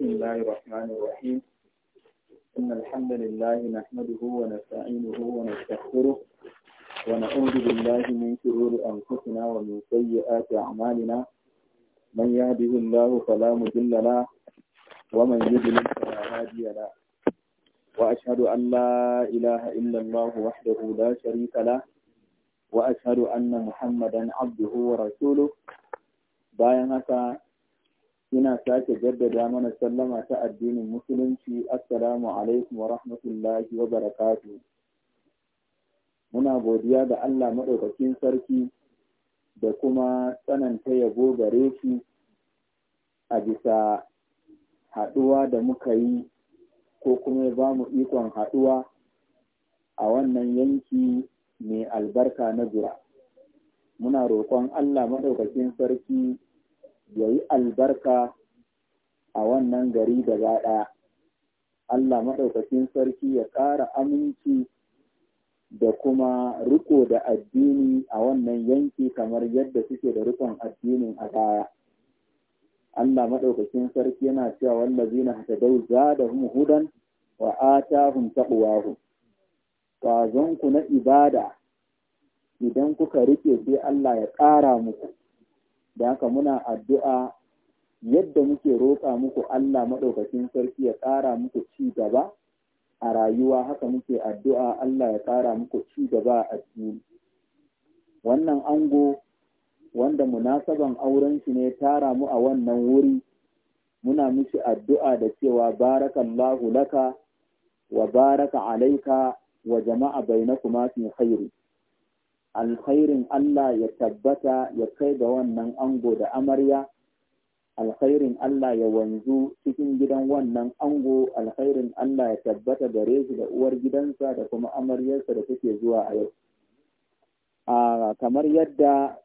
بسم الله الرحمن الرحيم إن الحمد لله نحمده ونستعينه ونستغفره ونعوذ بالله من شرور أنفسنا ومن سيئات أعمالنا من يهده الله فلا مضل له ومن يضلل فلا هادي له وأشهد أن لا إله إلا الله وحده لا شريك له وأشهد أن محمدا عبده ورسوله bayan haka Ina sake jaddada mana sallama ta addinin musulunci assalamu alaikum wa rahmatullahi wa barakatu muna godiya ga Allah maɗaukakin sarki da kuma tsananta yabo gare shi a bisa haɗuwa da muka yi ko kuma bamu ba mu ikon haɗuwa a wannan yanki mai albarka na jira muna roƙon Allah maɗaukakin sarki ya yi albarka a wannan gari da ɗaya. Allah maɗaukacin sarki ya ƙara aminci da kuma riko da addini a wannan yanki kamar yadda suke da rikon addinin a baya. Allah maɗaukacin sarki yana cewa wallazi na dau za da hudan wa atahum taqwahu. Kwazonku na ibada idan kuka rike sai Allah ya ƙara muku. da haka muna addu'a yadda muke roƙa muku Allah maɗaukacin sarki ya ƙara muku ci gaba a rayuwa haka muke addu'a Allah ya ƙara muku ci gaba a addini. Wannan ango wanda munasaban auren shi ne tara mu a wannan wuri muna mishi addu'a da cewa barakallahu laka wa baraka alaika wa jama'a bai bainakuma fi khairu. alkhairin Allah ya tabbata ya kai ga wannan ango da amarya alkhairin Allah ya wanzu cikin gidan wannan ango alkhairin Allah ya tabbata gare shi da uwar gidansa da kuma amaryarsa da take zuwa a yau a kamar yadda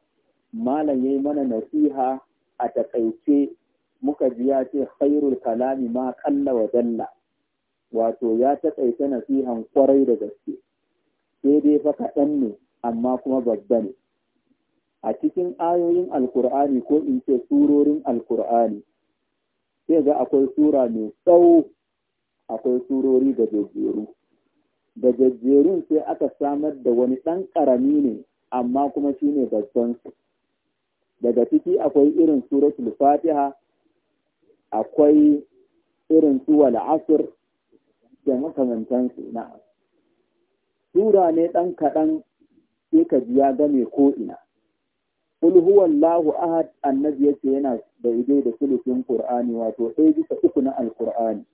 malam ya yi mana nasiha a takaice muka ji ya ce khairul kalami ma kalla wa dalla wato ya takaice nasihan kwarai da gaske sai dai fa kaɗan ne amma kuma babba ne a cikin ayoyin alkur'ani ko in ce surorin alkur'ani sai ga akwai sura mai tsawo akwai surori da jajjeru da jajjerun sai aka samar da wani ɗan ƙarami ne amma kuma shi ne babban su daga ciki akwai irin suratul fatiha akwai irin su wal asr da makamantansu na sura ne ɗan kaɗan sai ka ji ya game ko ina kul allahu ahad annabi yace yana da idai da sulufin qur'ani wato ɗaya bisa uku na Al-Qur'ani.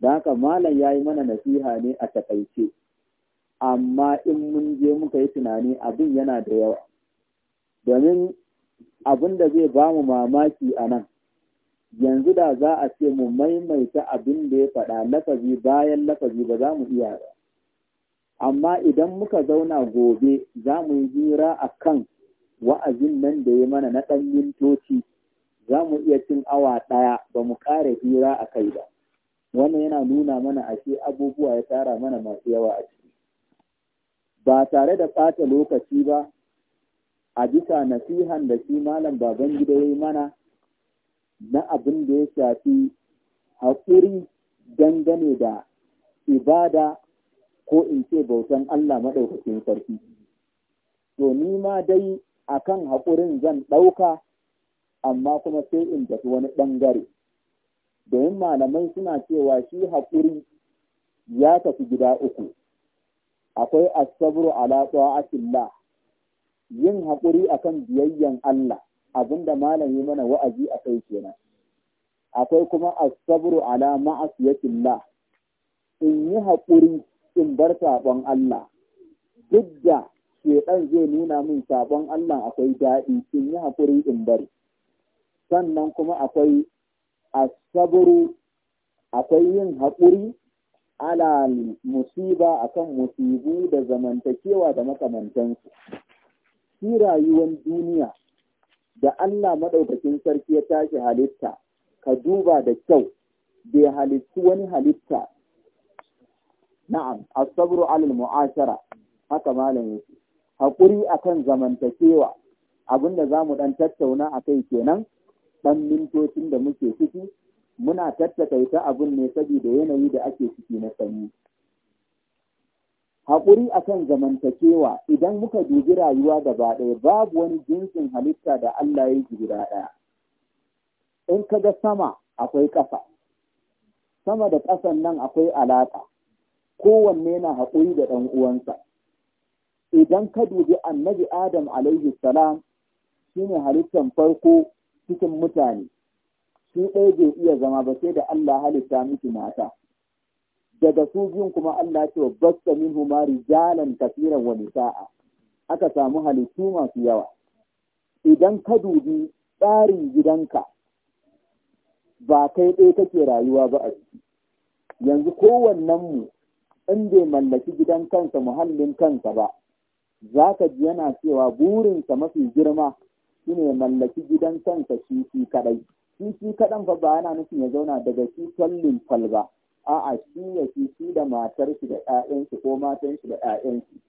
da haka malam yayi mana nasiha ne a takaice amma in mun je muka yi tunani abin yana da yawa domin abin da zai ba mu mamaki a nan yanzu da za a ce mu maimaita abin da ya faɗa lafazi bayan lafazi ba za mu iya ba amma idan muka zauna gobe za mu yi hira a kan wa'azin nan da ya mana na ɗan mintoci za mu iya cin awa ɗaya ba mu ƙara hira a kai ba wannan yana nuna mana ashe abubuwa ya tara mana masu yawa a ciki ba tare da ɓata lokaci ba a bisa nasihan da shi malam baban gida ya yi mana na abin da ya shafi haƙuri dangane da ibada ko in ce bautan Allah maɗaukakin sarki. To ni ma dai a kan haƙurin zan ɗauka, amma kuma sai in tafi wani ɓangare. Domin malamai suna cewa shi haƙuri ya tafi gida uku. Akwai asabru ala asilla. yin haƙuri a kan biyayyen Allah abinda malami mana wa'azi a kai kenan. Akwai kuma asabru ala killa. in yi haƙuri in bar saɓon Allah, duk da ɗan zai nuna min saɓon Allah akwai daɗi, in yi haƙuri in bari. Sannan kuma akwai asaburu, akwai yin haƙuri ala musiba akan musibu da zamantakewa da makamantansu. Shi rayuwar duniya da Allah maɗaukacin sarki ya tashi halitta, ka duba da kyau, bai halittu wani halitta na'am as-sabru 'ala al-mu'ashara haka malam yake hakuri akan zamantakewa abinda zamu dan tattauna akai kenan ɗan mintocin da muke ciki muna tattakaita abin ne saboda yanayi da ake ciki na sanyi haƙuri akan zamantakewa idan muka dubi rayuwa gaba ɗaya babu wani jinsin halitta da Allah ya yi guda ɗaya in ka ga sama akwai ƙasa sama da ƙasan nan akwai alaƙa kowanne yana haƙuri da ɗan uwansa idan ka dubi annabi adam alaihi salam ne halittar farko cikin mutane shi ɗaya bai iya zama ba sai da Allah halitta miki mata daga su biyun kuma Allah ce wa basta min humari jalan kafiran wani sa'a, aka samu halittu masu yawa idan ka dubi tsarin gidanka ba kai ɗaya kake rayuwa ba a ciki yanzu kowannen mu in bai mallaki gidan kansa muhallin kansa ba za ka ji yana cewa burinsa mafi girma shine ne mallaki gidan kansa shi shi kadai shi shi kadan fa ba yana nufin ya zauna daga shi kwallin ba a'a shi ya shi shi da matar da ƴaƴan shi ko matan shi da ƴaƴan shi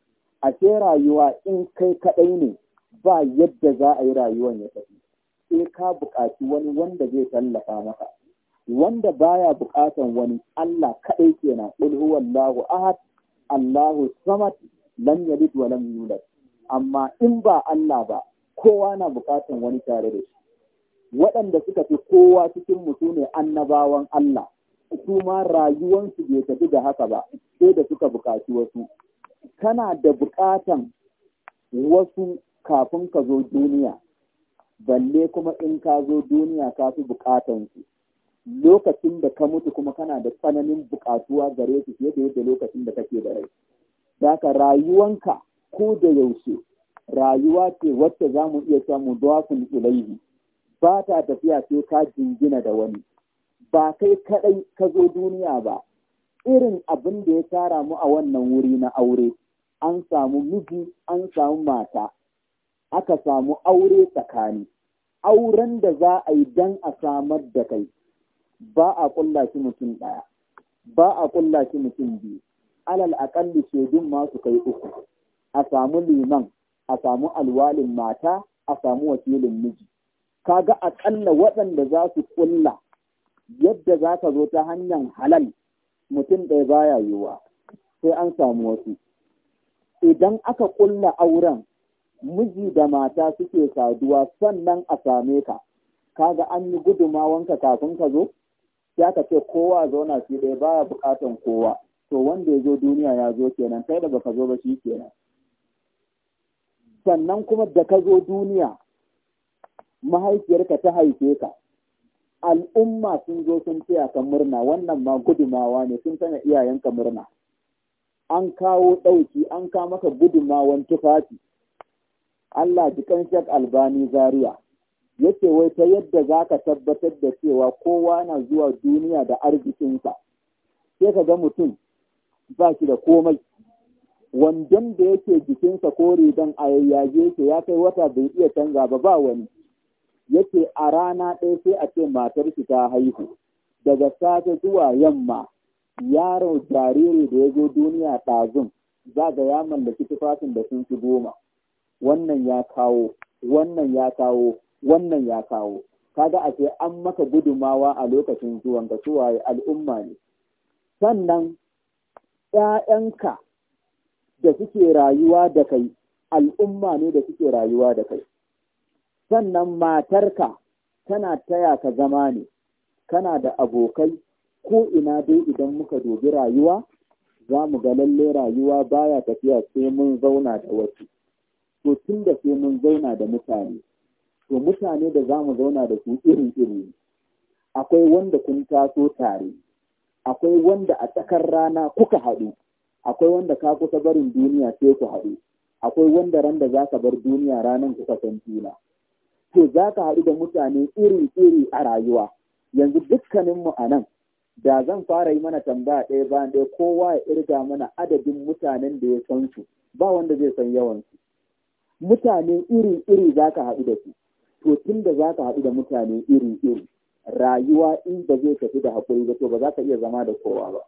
a ce rayuwa in kai kadai ne ba yadda za a yi rayuwan ya tafi sai ka buƙaci wani wanda zai tallafa maka wanda baya bukatan wani Allah kaɗai kenan qul huwallahu ahad Allahu samad lam yalid wa lam yulad amma in ba Allah ba kowa na bukatan wani tare da shi waɗanda suka fi kowa cikin mutu ne annabawan Allah su ma rayuwansu bai tafi da haka ba sai da suka bukaci wasu kana da bukatan wasu kafin ka zo duniya balle kuma in ka zo duniya ka fi buƙatansu lokacin da ka mutu kuma kana da tsananin buƙatuwa gare su fiye da yadda lokacin da kake da rai Daka rayuwanka ko da yaushe rayuwa ce wacce za mu iya samu duwafin ilaihi ba ta tafiya sai ka jingina da wani ba kai kaɗai ka zo duniya ba irin abin da ya tara mu a wannan wuri na aure an samu miji an samu mata aka samu aure tsakani auren da za a yi don a samar da kai ba a kulla shi mutum ɗaya ba a kulla shi mutum biyu alal aƙalli shaidun ma su kai uku a samu liman a samu alwalin mata a samu wakilin miji Ka kaga aƙalla waɗanda za su ƙulla yadda za ka zo ta hanyar halal mutum ɗaya baya yiwuwa sai an samu wasu idan aka ƙulla auren miji da mata suke saduwa sannan a same ka kaga an yi gudumawanka kafin ka zo ya ka ce kowa zauna shi ɗaya baya buƙatan kowa to wanda ya zo duniya ya zo kenan kai da baka zo ba shi kenan sannan kuma da ka zo duniya mahaifiyarka ta haife ka al'umma sun zo sun taya ka murna wannan ma gudumawa ne sun sanya iyayenka murna an kawo ɗauki an ka maka gudumawan tufafi Allah kan Sheikh Albani Zaria yake wai ta yadda za ka tabbatar da cewa kowa na zuwa duniya da arzikinsa sai ka ga mutum ba shi da komai wandon da yake jikinsa ko ridan a yayyage ya kai wata bai iya canza ba ba wani yake a rana ɗaya sai a ce matar shi ta haihu daga safe zuwa yamma yaron jariri da ya zo duniya ɗazun za ga ya mallaki tufafin da sun fi goma wannan ya kawo wannan ya kawo wannan ya kawo kaga a ce an maka gudumawa a lokacin zuwan ga suwaye al'umma ne sannan ‘ya'yanka da suke rayuwa da kai al'umma ne da suke rayuwa da kai sannan matarka tana taya ka zama ne kana da abokai ko ina dai idan muka dogi rayuwa za mu ga lalle rayuwa baya tafiya sai mun zauna da wasu to tun da sai mun zauna da mutane to mutane da za mu zauna da su iri-iri akwai wanda kun taso tare akwai wanda a tsakar rana kuka haɗu akwai wanda ka kusa barin duniya sai ku haɗu akwai wanda randa da za ka bar duniya ranar kuka san juna to za ka haɗu da mutane iri-iri a rayuwa yanzu dukkaninmu a nan da zan fara yi mana tambaya ɗaya ba ɗaya kowa ya irga mana adadin mutanen da ya san su ba wanda zai san yawansu mutane iri-iri za ka haɗu da su to tun da za ka haɗu da mutane iri-iri rayuwa in zai tafi da haƙuri ba to ba za ka iya zama da kowa ba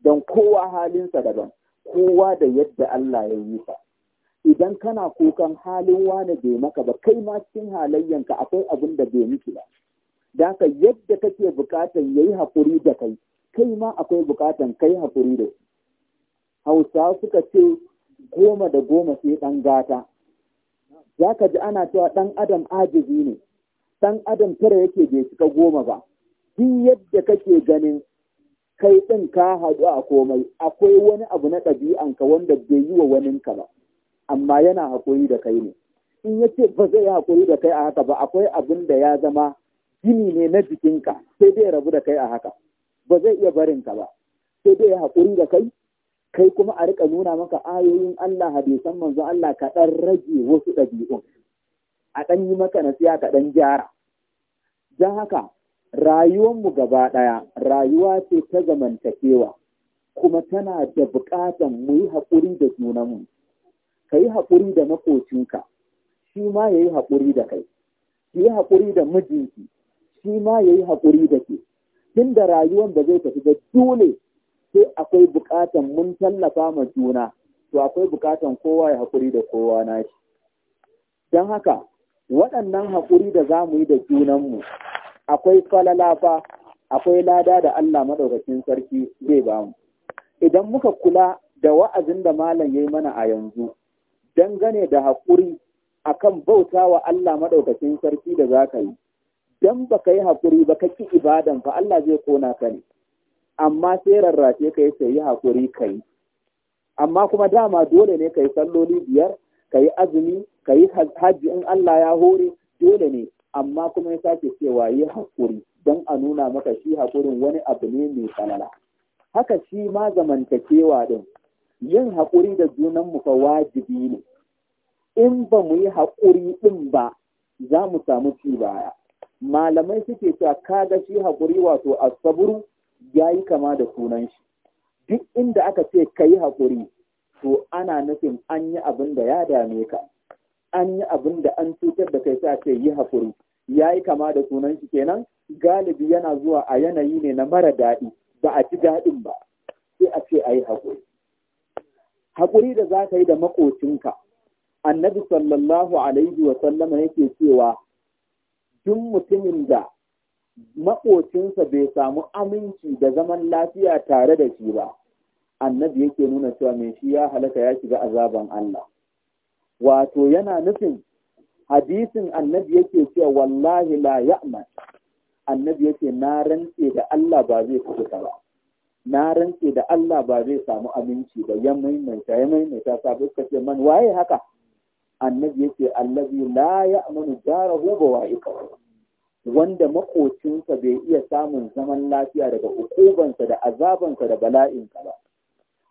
don kowa halinsa daban kowa da yadda Allah ya yi sa idan kana kukan halin wani bai maka ba kai ma cikin halayyanka akwai abin da bai miki ba da ka yadda kake bukatan yayi haƙuri da kai kai ma akwai bukatan kai haƙuri da hausa suka ce goma da goma sai ɗan gata za ka ji ana cewa ɗan adam ajizi ne ɗan adam tara yake bai cika goma ba duk yadda kake ganin kai ɗin ka haɗu a komai akwai wani abu na ɗabi'anka wanda bai yi wa waninka ba amma yana haƙuri da kai ne in ya ce ba zai haƙuri da kai a haka ba akwai abin da ya zama gini ne na jikinka sai dai rabu da kai a haka ba zai iya barinka ba sai dai ya haƙuri da kai kai kuma a rika nuna maka ayoyin Allah hadisan manzo Allah ka dan rage wasu ɗabi'un a dan yi maka nasiya ka dan gyara dan haka rayuwar mu gaba ɗaya rayuwa ce ta zamantakewa kuma tana da buƙatan mu yi haƙuri da mu. ka yi haƙuri da ka. shi ma ya yi haƙuri da kai ki yi haƙuri da mijinki shi ma ya yi haƙuri da ke rayuwar da zai tafi da dole sai akwai bukatan mun tallafa ma juna to akwai bukatan kowa ya haƙuri da kowa shi don haka waɗannan haƙuri da za mu yi da junanmu akwai falala fa akwai lada da Allah maɗaukacin sarki zai ba mu idan muka kula da wa'azin da malam ya yi mana a yanzu dangane da haƙuri akan bauta wa Allah maɗaukacin sarki da za ka yi don ba ka yi haƙuri ba ka ki ibadan fa Allah zai kona ka ne amma sai rarrafe ka yace yi hakuri kai amma kuma dama dole ne kai salloli biyar kai azumi kai hajji in Allah ya hore dole ne amma kuma ya sake cewa yi hakuri don a nuna maka shi hakurin wani abu ne mai tsanana haka shi ma zamantakewa ɗin. yin haƙuri da junan mu fa wajibi ne in ba mu yi haƙuri ɗin ba za mu samu ci baya malamai suke cewa kaga shi hakuri wato asaburu ya yi kama da sunan shi duk inda aka ce ka yi haƙuri to ana nufin an yi abin da ya dame ka an yi abin da an cutar da kai sa ce yi haƙuri ya yi kama da sunan shi kenan galibi yana zuwa a yanayi ne na mara daɗi ba a ji daɗin ba sai a ce a yi haƙuri haƙuri da za ka yi da maƙocinka annabi sallallahu alaihi wa sallama yake cewa duk mutumin da maƙocinsa bai samu aminci da zaman lafiya tare da shi ba annabi yake nuna cewa mai shi ya halaka ya shiga azaban Allah wato yana nufin hadisin annabi yake cewa wallahi la ya'ma annabi yake na rantse da Allah ba zai fi ba na rantse da Allah ba zai samu aminci ba ya maimaita ya maimaita sabu ce man waye haka annabi yake allazi la ya'manu jarahu ba wa'iqa wanda makocinsa bai iya samun zaman lafiya daga ukubansa da azabansa da bala'inka ba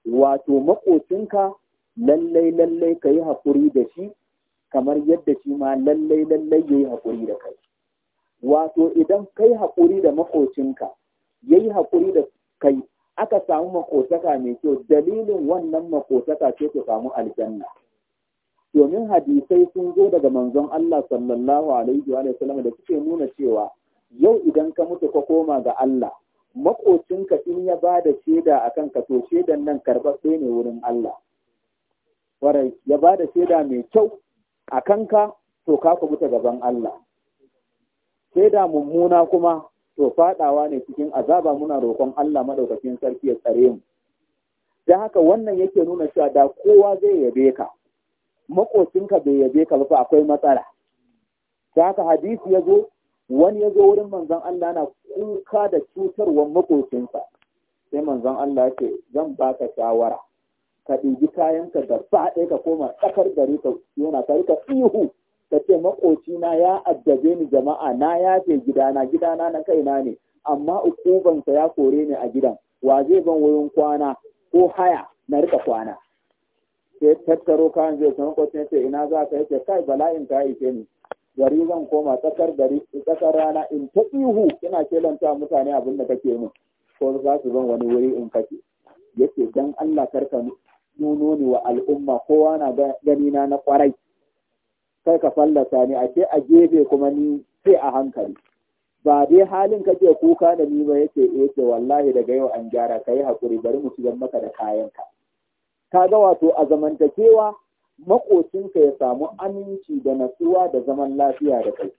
wato makocinka lallai lallai ka yi haƙuri da shi kamar yadda shi ma lallai lallai ya yi haƙuri da kai wato idan kai haƙuri da makocinka ya yi haƙuri da kai aka samu maƙotaka mai kyau dalilin wannan makotaka ce ku samu aljanna domin hadisai sun zo daga manzon Allah sallallahu alaihi wa sallam da suke nuna cewa yau idan ka mutu ka koma ga Allah makocinka in ya ba da shaida a kan ka to shaidan nan karɓaɓɓe ne wurin Allah warai ya ba da shaida mai kyau a kanka to ka mutu gaban Allah shaida mummuna kuma to faɗawa ne cikin azaba muna roƙon Allah maɗaukakin sarki ya tsare mu don haka wannan yake nuna cewa da kowa zai yabe ka makocinka bai yabe ka ba akwai matsala ta haka hadisi ya zo wani ya zo wurin manzon Allah na kuka da cutarwar makocinsa sai manzon Allah ce zan baka shawara ka ɗibi kayanka da ba ɗaya ka koma tsakar gari ka yana ka rika ihu ka ce makocina ya addabe ni jama'a na yafe gidana gidana na kaina ne amma ukubansa ya kore ni a gidan wa zai ban wurin kwana ko haya na rika kwana sai tattaro kayan zai san kwatin ce ina za ka yace kai bala'in ta ishe ni gari zan koma tsakar gari tsakar rana in ta ihu ina kelanta mutane abin da kake min ko za su zan wani wuri in kake yace dan Allah karka nuno ni wa al'umma kowa na gani na na kwarai kai ka fallasa ni ake a gefe kuma ni sai a hankali ba dai halin kake kuka da ni ba yace yace eh, wallahi daga yau an gyara kai hakuri bari mu shigar maka da kayanka kaga wato a zamantakewa makocinka ya samu aminci da natsuwa da zaman lafiya da kai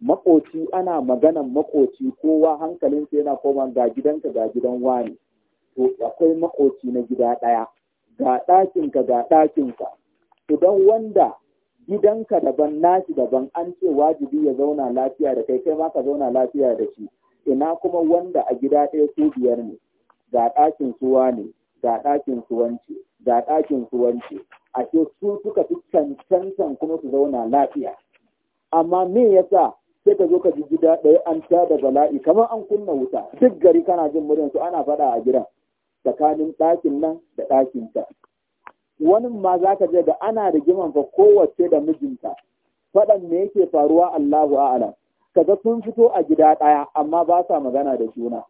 makoci ana maganan makoci kowa hankalinsa yana koma ga gidanka ga gidan wani to akwai makoci na gida ɗaya ga ɗakinka ga ɗakinka idan wanda gidanka daban nashi daban an ce wajibi ya zauna lafiya da kai kai ma ka zauna lafiya da shi ina kuma wanda a gida ɗaya su biyar ne ga ɗakin suwa ne ga ɗakin su wance ga ɗakin su wance a ce su suka fi cancantan kuma su zauna lafiya amma me yasa sai ka zo ka ji gida ɗaya an ta da bala'i kamar an kunna wuta duk gari kana jin murin su ana faɗa a gidan tsakanin ɗakin nan da ɗakin ta wani ma za ka je da ana rigiman fa kowace da mijinta faɗan me yake faruwa Allahu a'lam kaga sun fito a gida ɗaya amma ba sa magana da juna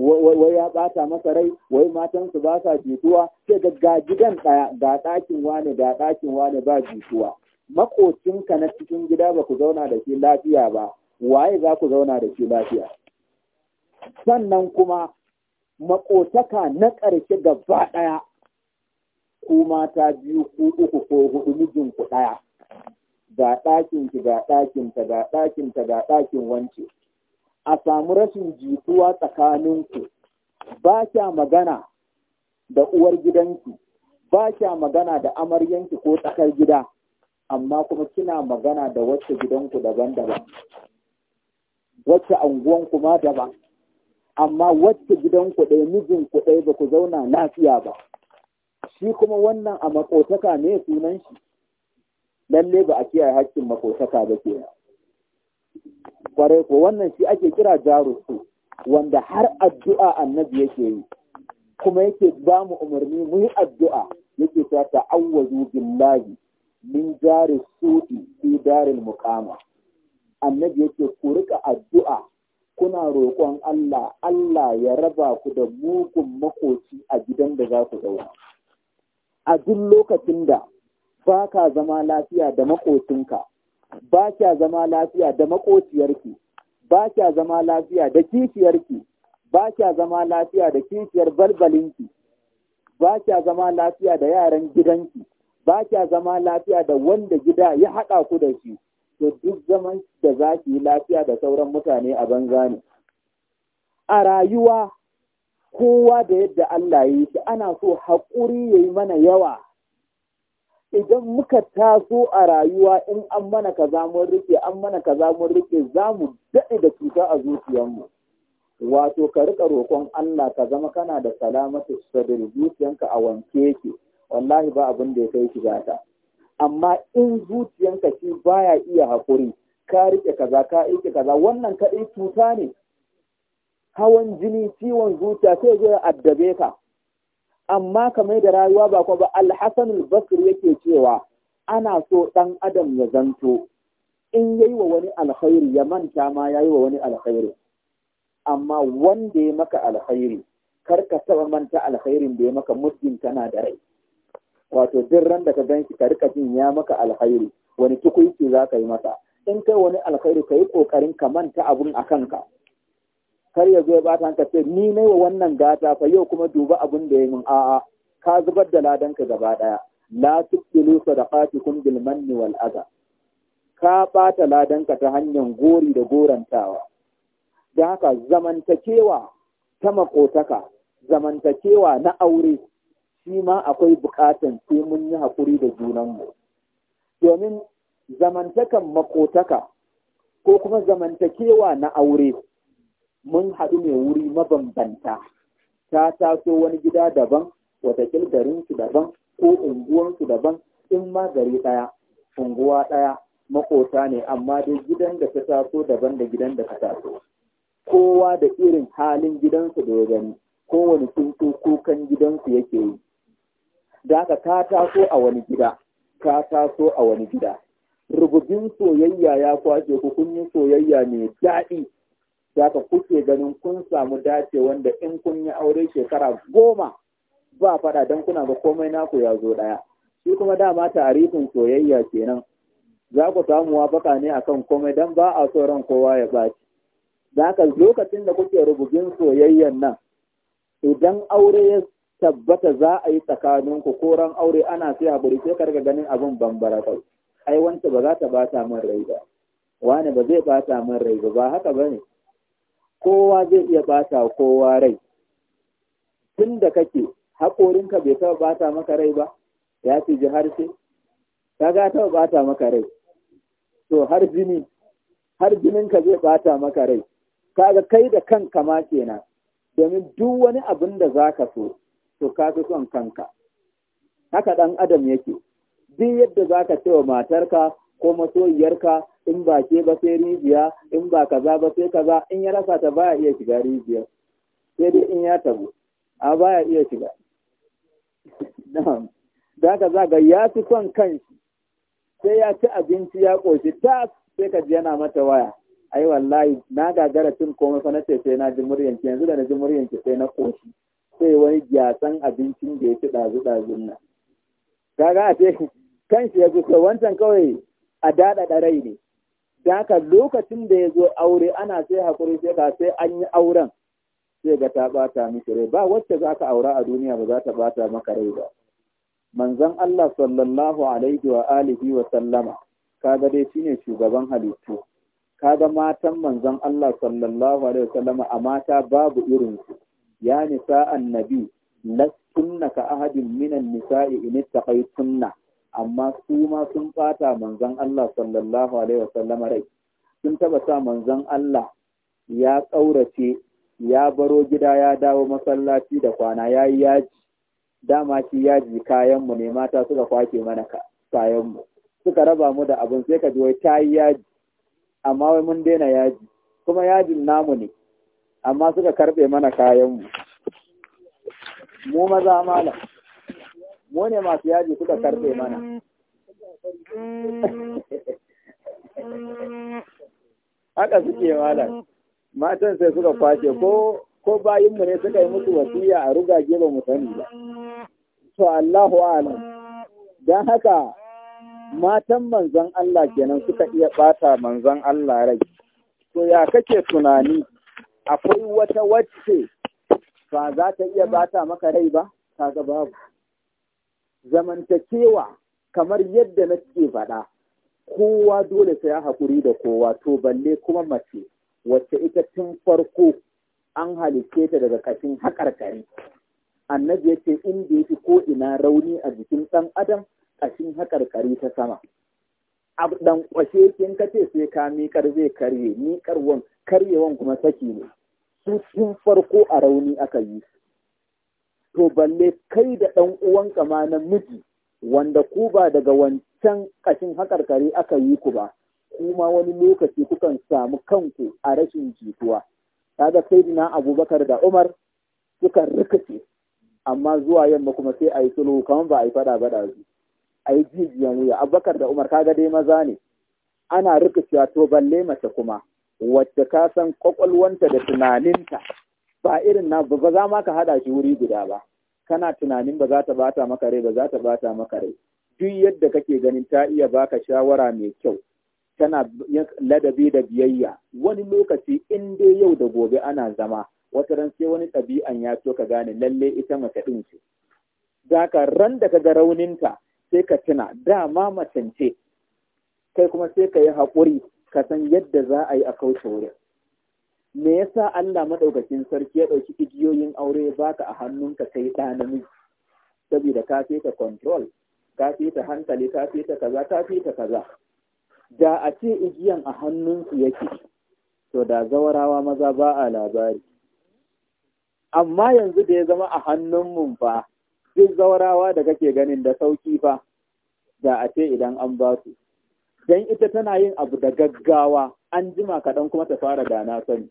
wai ya bata masa rai wai matansu ba sa jituwa sai ga ga gidan ɗaya ga ɗakin wane ga ɗakin wane ba jituwa makocinka na cikin gida ba ku zauna da shi lafiya ba waye za ku zauna da shi lafiya sannan kuma makotaka na ƙarshe gaba ɗaya ku mata biyu ku uku ko hudu mijinku ɗaya ga ɗakinki ga ɗakinta ga ɗakinta ga ɗakin wance a samu rashin jituwa tsakaninku ba kya magana da uwar gidanki ba kya magana da amaryanki ko tsakar gida amma kuma kina magana da wacce gidanku daban-daban wacce anguwanku ma daban amma wacce gidanku ɗaya mijinku ɗaya ba ku zauna lafiya ba shi kuma wannan a makotaka ne sunan shi lalle ba a kiyaye hakkin makotaka ba kenan kwarai ko wannan shi ake kira jarusu wanda har addu'a annabi yake yi kuma yake ba mu umarni mu yi addu'a yake ta ta'awwazu billahi min jari su'i fi daril muqama annabi yake ku rika addu'a kuna roƙon Allah Allah ya raba ku da mugun makoci a gidan da za ku zauna a duk lokacin da baka zama lafiya da makocinka ba kya zama lafiya da makociyarki ba kya zama lafiya da kishiyarki ba kya zama lafiya da kishiyar balbalinki ba kya zama lafiya da yaran gidanki ba kya zama lafiya da wanda gida ya haɗa ku da shi to duk zaman da za ki yi lafiya da sauran mutane a banza ne a rayuwa kowa da yadda Allah ya yi shi ana so haƙuri ya yi mana yawa idan muka taso a rayuwa in an mana kaza mun rike an mana kaza mun rike za mu daɗe da cuta a zuciyarmu wato ka riƙa roƙon Allah ka zama kana da salamatu sadri zuciyanka a wanke yake wallahi ba abin da ya kai shi ta. amma in zuciyanka shi baya iya haƙuri ka rike kaza ka rike kaza wannan kaɗai cuta ne hawan jini ciwon zuciya sai zai addabe ka amma kamar da rayuwa ba kwa ba alhassan basir yake cewa ana so ɗan adam ya zanto in yi wa wani alkhairi ya manta ma yi wa wani alkhairi amma wanda ya maka alkhairi kar ka taba manta alkhairin da ya maka muddin tana da rai wato duk ran da ka ganshi ka rika jin ya maka alkhairi wani tukuici za ka yi masa in kai wani alkhairi ka yi kokarin ka manta abun a kanka kar ya zo ya bata ka ce ni ne wa wannan gata fa yau kuma duba abin da ya min a'a ka zubar da ladan ka gaba ɗaya, la da sadaqatikum bil manni wal adha ka bata ladan ka ta hanyar gori da gorantawa da haka zamantakewa ta makotaka zamantakewa na aure shi ma akwai bukatan sai mun yi hakuri da junanmu domin zamantakan makotaka ko kuma zamantakewa na aure mun haɗu ne wuri mabambanta ta taso wani gida daban watakil garinsu daban ko unguwansu daban in ma gari ɗaya unguwa ɗaya makota ne amma dai gidan da ta taso daban da gidan da ta taso kowa da irin halin gidansu da ya gani kowane tsuntsu kukan gidansu yake yi da haka ka taso a wani gida ka taso a wani gida rububin soyayya ya kwace ku kun soyayya mai daɗi Za ka kuke ganin kun samu dace wanda in kun yi aure shekara goma ba faɗa don kuna ga komai naku ya zo ɗaya. Shi kuma dama tarihin soyayya kenan. Za ku samu wafaka ne akan komai don ba a so kowa ya ɓaci. Za ka lokacin da kuke rubugin soyayyan nan, idan aure ya tabbata za a yi tsakaninku ko ran aure ana sai haƙuri sai ka ganin abin bambara kai ai wanda ba za ta bata min rai ba wani ba zai bata min rai ba ba haka bane kowa zai iya bata kowa rai tun da kake haƙorinka bai taɓa bata maka rai ba ya fi ji harshe Ta ga taɓa bata maka rai to har jini har jininka zai bata maka rai kaga kai da kanka ma kenan domin duk wani abin da za ka so to ka fi son kanka haka ɗan adam yake duk yadda za ka ce wa matarka ko masoyiyarka in ba ke ba sai rijiya in ba kaza ba sai kaza in ya rasa ta baya iya shiga rijiya sai dai in ya tabu a baya iya shiga da ka ga ya fi son kanshi sai ya ci abinci ya koshi ta sai ka ji yana mata waya ai wallahi na gagara cin komai fa na ce sai na ji ki yanzu da na ji ki sai na koshi sai wani gyatsan abincin da ya ci ɗazu ɗazun nan kaga a ce kan shi ya fi so wancan kawai a daɗaɗa rai ne da haka lokacin da ya zo aure ana sai hakuri sai ka sai an yi auren sai ga ta bata miki rai ba wacce za ka aura a duniya ba za ta bata maka rai ba manzon Allah sallallahu alaihi wa alihi wa sallama kaga dai shine shugaban halittu kaga matan manzon Allah sallallahu alaihi wa sallama a mata babu irin su ya nisa annabi lastunna ka ahadin minan nisa'i in ittaqaytunna amma su ma sun fata manzan Allah sallallahu alaihi wasallama rai sun taba sa manzon Allah ya ƙaurace ya baro gida ya dawo masallaci da kwana ya yi yaji dama shi yaji kayanmu ne mata suka kwake mana kayanmu suka raba mu da abin sai ka ji wai ta yi yaji amma wai mun daina yaji kuma yajin namu ne amma suka karɓe mana kayanmu mu maza malam mu ne masu yaji suka karfe mana haka suke malam matan sai suka kwace ko ko bayinmu ne suka yi musu wasiya a ruga ba mu sani ba to Allahu alam dan haka matan manzon Allah kenan suka iya bata manzon Allah rai to ya kake tunani akwai wata wacce ba za ta iya bata maka rai ba kaga babu zamantakewa kamar yadda na ke faɗa kowa dole sai ya haƙuri da kowa to balle kuma mace wacce ita tun farko an halice ta daga kashin haƙarƙari annabi ya ce inda ya fi ko ina rauni a jikin ɗan adam kashin haƙarƙari ta sama ɗan kwashe kin ka ce sai ka miƙar zai karye wan karyewan kuma saki ne su tun farko a rauni aka yi to balle kai da ɗan uwanka ma miji wanda ku ba daga wancan ƙashin haƙarƙari aka yi ku ba kuma wani lokaci kukan samu kanku a rashin jituwa kaga sai dina abubakar da umar suka rikice amma zuwa yamma kuma sai a yi sulhu kamar ba a yi faɗa baɗa su a yi jijiyan wuya abubakar da umar kaga dai maza ne ana rikicewa to balle mace kuma wacce ka san kwakwalwanta da tunaninta ba irin na ba za ma ka haɗa shi wuri guda ba kana tunanin ba za ta bata maka rai ba za ta bata maka rai duk yadda kake ganin ta iya baka shawara mai kyau tana ladabi da biyayya wani lokaci in dai yau da gobe ana zama wata ran sai wani ɗabi'an ya so ka gane lalle ita mace ɗin ce ka ran da ka ga rauninta sai ka tuna dama macen ce kai kuma sai ka yi hakuri ka san yadda za a yi a kauce wurin me yasa Allah madaukakin sarki ya ɗauki igiyoyin aure ba baka a hannunka kai ɗa namiji saboda ka fita control ka fita hankali ka fita kaza ka fita kaza da a ce igiyan a hannunsu yake to da zawarawa maza ba a labari amma yanzu da ya zama a hannunmu fa duk zawarawa da kake ganin da sauki fa da a ce idan an ba su don ita tana yin abu da gaggawa an jima kaɗan kuma ta fara dana sani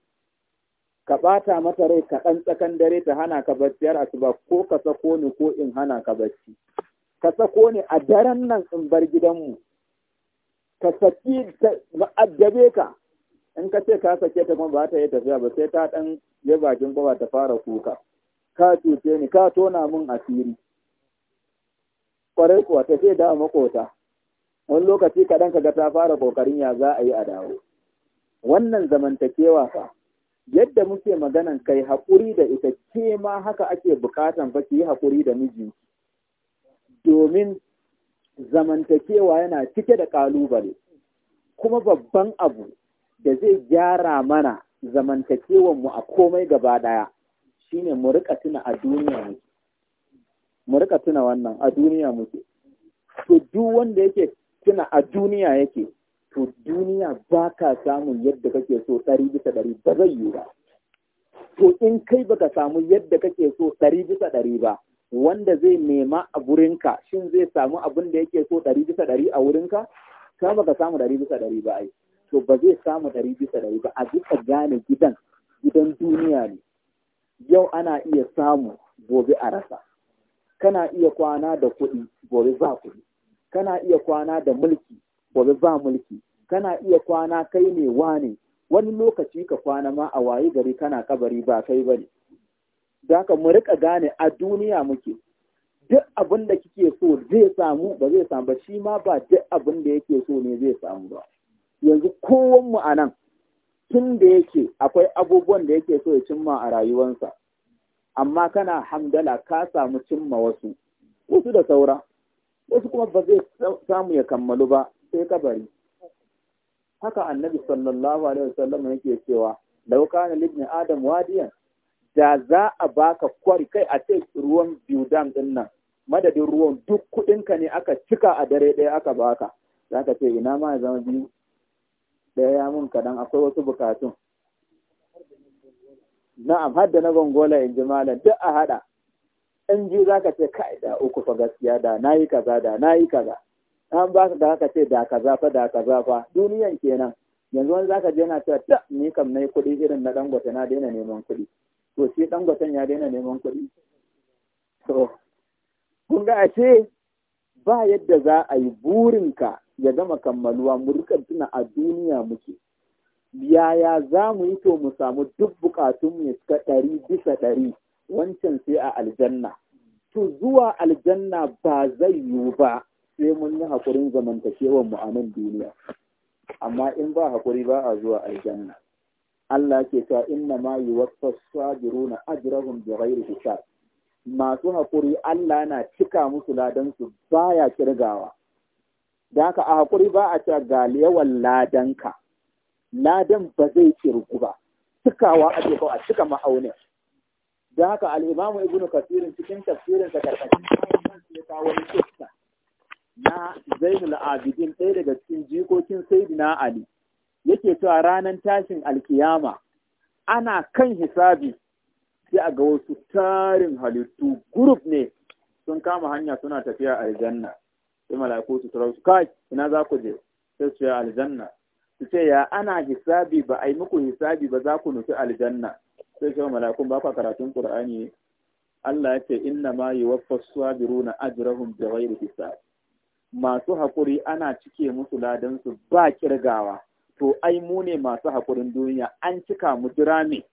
ka ɓata mata rai ka ɗan tsakan dare ta hana ka bacciyar asuba ko ka sako ni ko in hana ka bacci ka sako ni a daren nan in bar gidanmu ka saki ma'addabe ka in ka ce ka sake ta kuma ba ta yi tafiya ba sai ta ɗan yi bakin gaba ta fara kuka ka cuce ni ka tona min asiri kwarai kuwa ta ce da makota wani lokaci kaɗan ka ga ta fara ƙoƙarin ya za a yi a dawo wannan zamantakewa fa yadda muke maganan kai haƙuri da ita ke ma haka ake bukatan fa ki yi haƙuri da miji domin zamantakewa yana cike da ƙalubale kuma babban abu da zai gyara mana zamantakewan mu a komai gaba ɗaya shine mu rika tuna a duniya muke mu rika tuna wannan a duniya muke to duk wanda yake tuna a duniya yake to duniya ba ka samun yadda kake so ɗari bisa ɗari ba zai yi ba to in kai baka samu yadda kake so ɗari bisa ɗari ba wanda zai nema a gurinka shin zai samu abin da yake so ɗari bisa ɗari a wurinka ka baka samu ɗari bisa ɗari ba ai to ba zai samu ɗari bisa ɗari ba a bisa gane gidan gidan duniya ne yau ana iya samu gobe a rasa kana iya kwana da kuɗi gobe ba kuɗi kana iya kwana da mulki gobe ba mulki kana iya kwana kai ne wane wani lokaci ka kwana ma a wayi gari kana kabari ba kai bane Daka mu rika gane a duniya muke duk abin da kike so zai samu ba zai samu ba shi ma ba duk abin da yake so ne zai samu ba yanzu kowan mu a nan tun da yake akwai abubuwan da yake so ya cimma a rayuwansa amma kana hamdala ka samu cimma wasu wasu da saura wasu kuma ba zai samu ya kammalu ba sai kabari haka annabi sallallahu alaihi wasallam yake cewa law kana libni adam wadiyan da za a baka kwari kai a ce ruwan dam din nan madadin ruwan duk ka ne aka cika a dare ɗaya aka baka zaka ce ina ma ya zama biyu ɗaya ya mun kadan akwai wasu bukatun na'am har da na bangola in ji malam duk a hada in ji zaka ce kai da uku fa gaskiya da nayi kaza da nayi kaza an ba su da haka ce da kaza fa da kaza fa duniyan kenan yanzu wani zaka je na cewa ta ni kam nayi kuɗi irin na dangote na daina neman kuɗi to shi dangoten ya daina neman kuɗi to kun ga ce? ba yadda za a yi burinka ya zama kammaluwa mu rika tuna a duniya muke yaya za mu yi to mu samu duk bukatun ya cika ɗari bisa ɗari wancan sai a aljanna to zuwa aljanna ba zai yiwu ba sai mun yi haƙurin zamantakewar mu a nan duniya amma in ba haƙuri ba a zuwa aljanna Allah ke ta inna ma na sabiruna ajrahum bighairi hisab masu haƙuri Allah na cika musu ladan su ya kirgawa da haka a haƙuri ba a cewa ga yawan ladanka ladan ba zai kirgu ba cikawa a ce a cika ma'aunin da haka al'imamu ibnu kasirin cikin tafsirin sa karkashin kawo wani na Zainul Abidin ɗaya daga cikin jikokin Sayyidina Ali yake cewa ranar tashin alkiyama ana kan hisabi sai a ga wasu tarin halittu group ne sun kama hanya suna tafiya aljanna sai mala'iku su tura su kai ina za ku je sai su aljanna su ce ya ana hisabi ba a yi muku hisabi ba za ku nufi aljanna sai sai mala'iku ba ka karatun qur'ani Allah ya ce inna ma yuwaffa sabiruna ajrahum bighairi hisab masu haƙuri ana cike musu ladansu ba kirgawa to ai mu ne masu haƙurin duniya an cika mu jira ne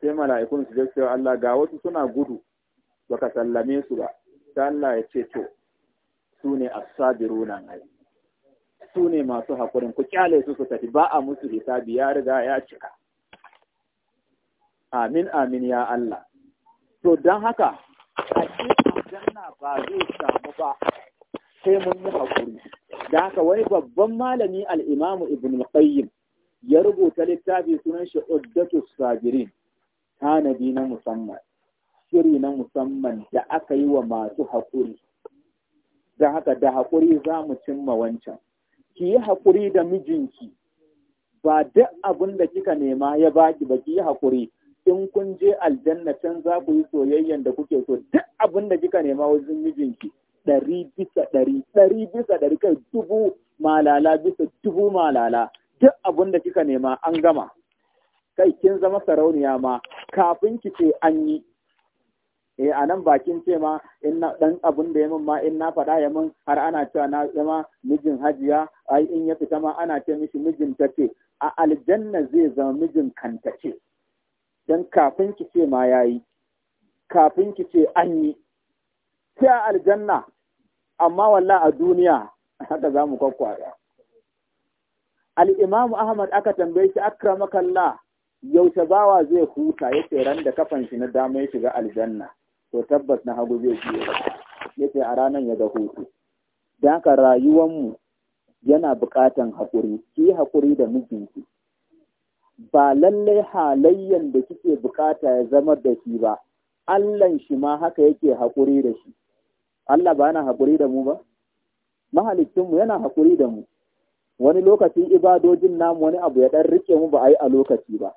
sai mala'ikun su jefe Allah ga wasu suna gudu baka sallame su ba sai Allah ya ce to su ne as-sabiruna ai su ne masu haƙurin ku kyale su su tafi ba a musu hisabi ya riga ya cika amin amin ya Allah to don haka a cikin janna ba zai samu ba sai mun yi hakuri da haka wani babban malami al'imamu Ibn Qayyim ya rubuta littafi sunan shi Uddatu Sabirin tanadi na musamman shiri na musamman da aka yi wa masu hakuri da haka da hakuri za mu cimma wancan ki yi hakuri da mijinki ba duk abin da kika nema ya baki ba ki yi hakuri in kun je aljanna can za ku yi soyayyen da kuke so duk abin da kika nema wajen mijinki ɗari bisa ɗari ɗari bisa ɗari kai dubu malala bisa dubu malala duk abin da kika nema an gama kai kin zama sarauniya ma kafin ki ce an yi eh a nan bakin ce ma in na abin abun da yamin ma in na faɗa yamin har ana cewa na zama mijin hajiya ai in ya fita ma ana ce mishi mijin ta a aljanna zai zama mijin kanta ce kafin ki ce ma yayi kafin ki ce an yi sai a aljanna amma walla a duniya haka za mu kwakwara al'imamu ahmad aka tambaye shi akramakallah yaushe bawa zai huta ya ce ran da kafan shi na dama ya shiga aljanna to tabbas na hagu zai shi ya ce a ranar ya ga hutu don ka rayuwanmu yana buƙatan haƙuri ki haƙuri da mijinki ba lallai halayyan da kike buƙata ya zama da shi ba Allahn shi ma haka yake haƙuri da shi Allah ba yana haƙuri da mu ba mahalicinmu yana haƙuri da mu wani lokacin ibadojin namu wani abu ya ɗan rike mu ba a yi a lokaci ba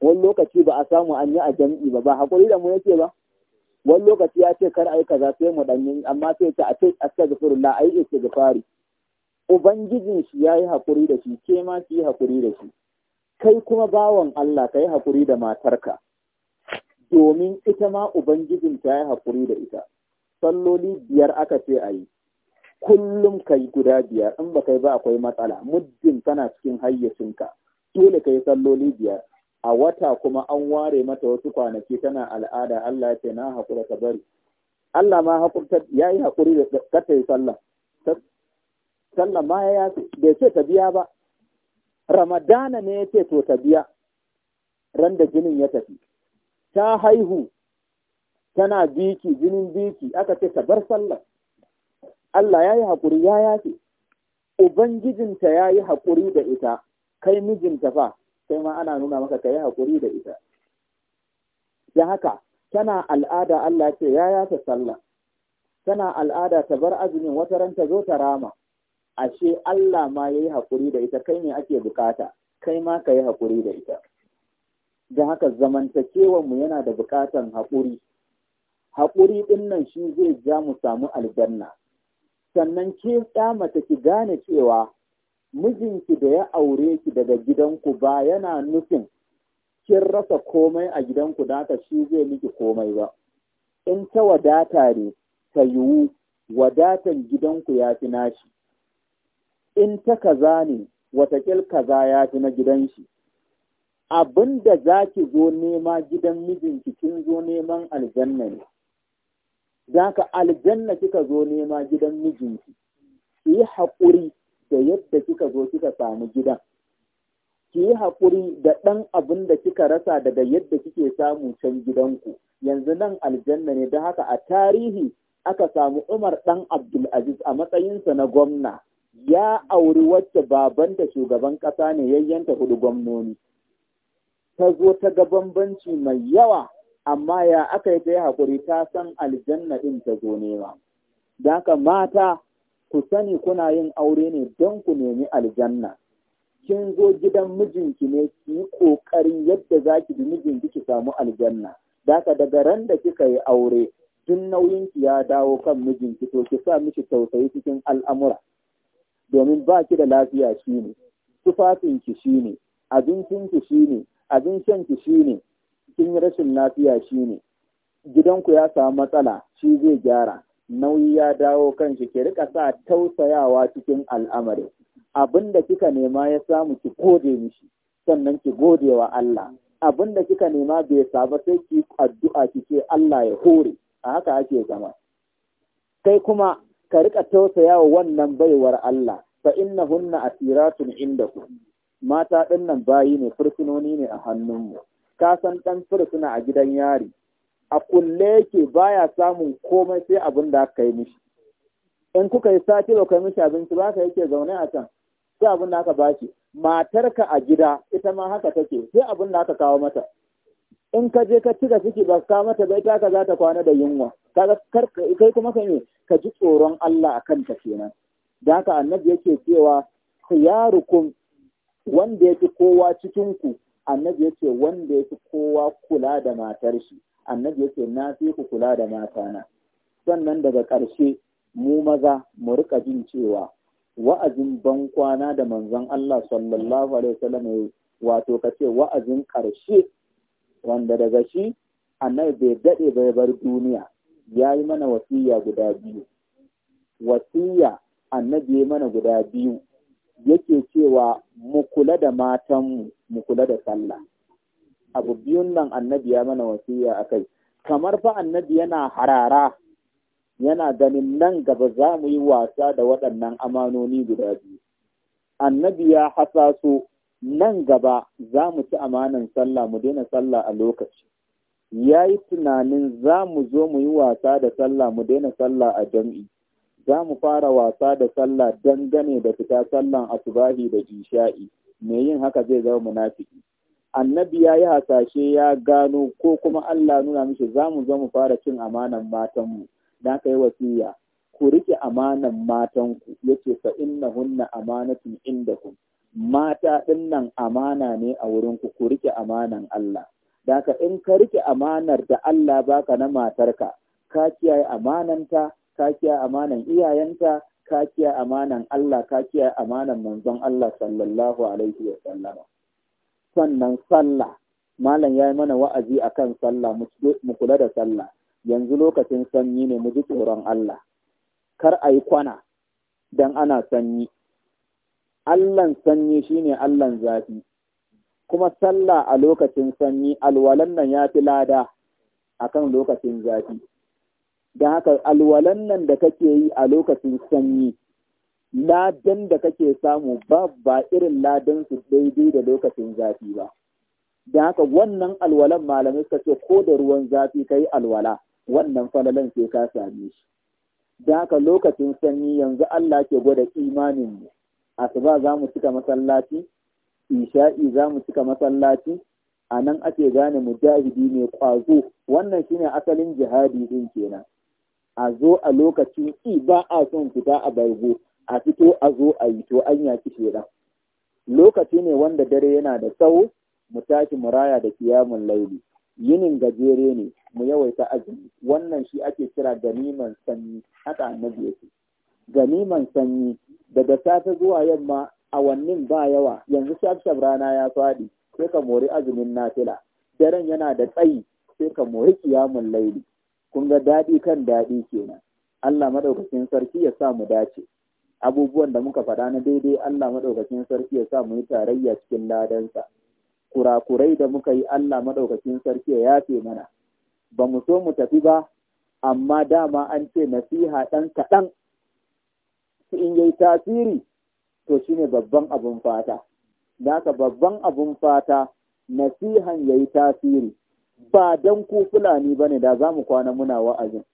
wani lokaci ba a samu an yi a jam'i ba ba haƙuri da mu yake ba wani lokaci ya ce kar a yi kaza sai mu ɗanyi amma sai ta a ce astagfirullah a yi istighfari ubangijin shi ya yi haƙuri da shi ke ma ki yi haƙuri da shi kai kuma bawan Allah ka yi haƙuri da matarka domin ita ma ubangijin ta yi haƙuri da ita salloli biyar aka ce a yi kullum ka yi guda biyar in ba kai ba akwai matsala muddin tana cikin hayyacinka dole ka yi salloli biyar a wata kuma an ware mata wasu kwanaki tana al'ada Allah ce na haƙura ta bari Allah ma haƙurta ya yi haƙuri da kata yi sallah sallah ma ya bai ce ta biya ba ramadana ne ya ce to ta biya ran da jinin ya tafi ta haihu tana biki jinin biki aka ce ta bar sallah Allah ya yi haƙuri ya yafe ubangijinta ya yi haƙuri da ita kai mijinta fa sai ma ana nuna maka ka yi haƙuri da ita da haka tana al'ada Allah ce ya yafe sallah tana al'ada ta bar azumin wata ran ta zo ta rama ashe Allah ma ya yi haƙuri da ita kai ne ake bukata kai ma ka yi haƙuri da ita da haka zamantakewanmu yana da bukatan haƙuri haƙuri ɗin nan shi zai ja mu samu aljanna sannan ke mace ki gane cewa mijinki da ya aure ki daga gidanku ba yana nufin kin rasa komai a gidanku da haka shi zai miki komai ba in ta wadata ne ta yiwu wadatan gidanku ya fi nashi in ta kaza ne watakil kaza ya fi na gidan shi abin da za ki zo nema gidan mijinki kin zo neman aljanna ne Za ka aljanna kika zo nema gidan mijinki, ki yi haƙuri da yadda kika zo kika samu gidan. Ki yi haƙuri da ɗan abin da kika rasa daga yadda kike samu can gidanku. Yanzu nan aljanna ne don haka a tarihi aka samu Umar ɗan Abdulaziz a matsayinsa na gwamna. Ya auri wacce babanta shugaban ƙasa ne yayyanta hudu gwamnoni. Ta zo ta ga bambanci mai yawa amma ya aka yi ta haƙuri ta san aljanna ɗin ta zo nema. Da ka mata ku sani kuna yin aure ne don ku nemi aljanna. Kin zo gidan mijinki ne ki yi ƙoƙarin yadda za ki bi mijinki ki samu aljanna. Da ka daga ran da kika yi aure tun nauyinki ya dawo kan mijinki to ki sa miki tausayi cikin al'amura. Domin ba ki da lafiya shi ne, tufafinki shi ne, abincinki shi ne, abin shanki shi ne, cikin rashin lafiya shi ne gidanku ya samu matsala shi zai gyara nauyi ya dawo kan shi ki rika sa tausayawa cikin al'amari abin da kika nema ya samu ki gode mishi sannan ki gode wa Allah abin da kika nema bai saba sai ki addu'a kike Allah ya hore a haka ake zama kai kuma ka rika tausayawa wannan baiwar Allah fa innahunna inda ku. mata ɗinnan bayi ne fursunoni ne a hannunmu ka san ɗan suna a gidan yari a kulle yake baya samun komai sai abin da aka yi mishi in kuka yi sati ba kai mishi abinci ba ka yake zaune a can sai abin da aka bashi matarka a gida ita ma haka take sai abin da aka kawo mata in ka je ka cika ciki ba ka mata bai ta ka za ta kwana da yunwa kaga kai kuma ka ka ji tsoron Allah a kanta kenan da haka annabi yake cewa kun wanda ya yake kowa cikin ku annabi ya ce wanda ya fi kowa kula da matar shi annabi ya ce na fi ku kula da mata na. sannan daga ƙarshe mu maza mu rika jin cewa wa'azin ban kwana da manzon Allah sallallahu alaihi wasallam wato kace wa'azin ƙarshe wanda daga shi annabi bai daɗe bai bar duniya ya yi mana wasiya guda biyu wasiya annabi ya mana guda biyu yake cewa mu kula da matanmu mu kula da sallah abu biyun nan annabi ya mana wasiya akai kamar fa annabi yana harara yana ganin nan gaba za mu yi wasa da waɗannan amanoni guda biyu annabi ya hasaso nan gaba za mu ci amanan sallah mu daina sallah a lokaci ya yi tunanin za mu zo mu yi wasa da sallah mu daina sallah a jam'i za mu fara wasa da sallah dangane da fita sallan asubahi da isha'i me yin haka zai zama munafiki annabi ya yi hasashe ya gano ko kuma Allah nuna mishi za mu zo mu fara cin amanan matanmu da kai yi wasiya ku rike amanan matanku yace fa hunna inda indakum mata din nan amana ne a wurinku, ku ku rike amanan Allah da ka in ka rike amanar da Allah baka na matarka ka kiyaye amananta ka kiya amanan iyayenta, ka kiya amanan Allah ka kiya amanan manzon Allah sallallahu alaihi wa sallama sannan sallah malam ya yi mana wa'azi akan sallah mu kula da sallah yanzu lokacin sanyi ne mu ji tsoron Allah kar a yi kwana don ana sanyi Allahn sanyi shine Allahn zafi kuma sallah a lokacin sanyi alwalan nan ya fi lada akan lokacin zafi da haka alwalan nan da kake yi a lokacin sanyi ladan da kake samu ba ba irin ladan su daidai da lokacin zafi ba da haka wannan alwalan malamai suka ce ko da ruwan zafi ka yi alwala wannan falalan sai ka same shi da haka lokacin sanyi yanzu Allah ke gwada imanin mu asuba za mu cika masallaci isha'i za mu cika masallaci a nan ake gane mujahidi mai ƙwazo wannan shine asalin jihadi din kenan a zo a lokacin ki ba a son fita a bargo a fito a zo a yi to an yaki da. lokaci ne wanda dare yana da tsawo mu tashi mu raya da kiyamun laili yinin gajere ne mu yawaita azumi wannan shi ake kira ganiman sanyi haka annabi yake ganiman sanyi daga safe zuwa yamma awannin ba yawa yanzu shafshaf rana ya faɗi sai ka mori azumin nafila daren yana da tsayi sai ka mori kiyamun laili kun ga daɗi kan daɗi kenan Allah maɗaukacin sarki ya sa mu dace abubuwan da muka faɗa na daidai Allah maɗaukacin sarki ya sa mu yi tarayya cikin ladansa kurakurai da muka yi Allah maɗaukacin sarki ya yafe mana ba mu so mu tafi ba amma dama an ce nasiha ɗan kaɗan in yi tasiri to shine babban abun fata da babban abun fata nasihan ya yi tasiri ba don ku fulani ne, da za mu kwana muna wa'azin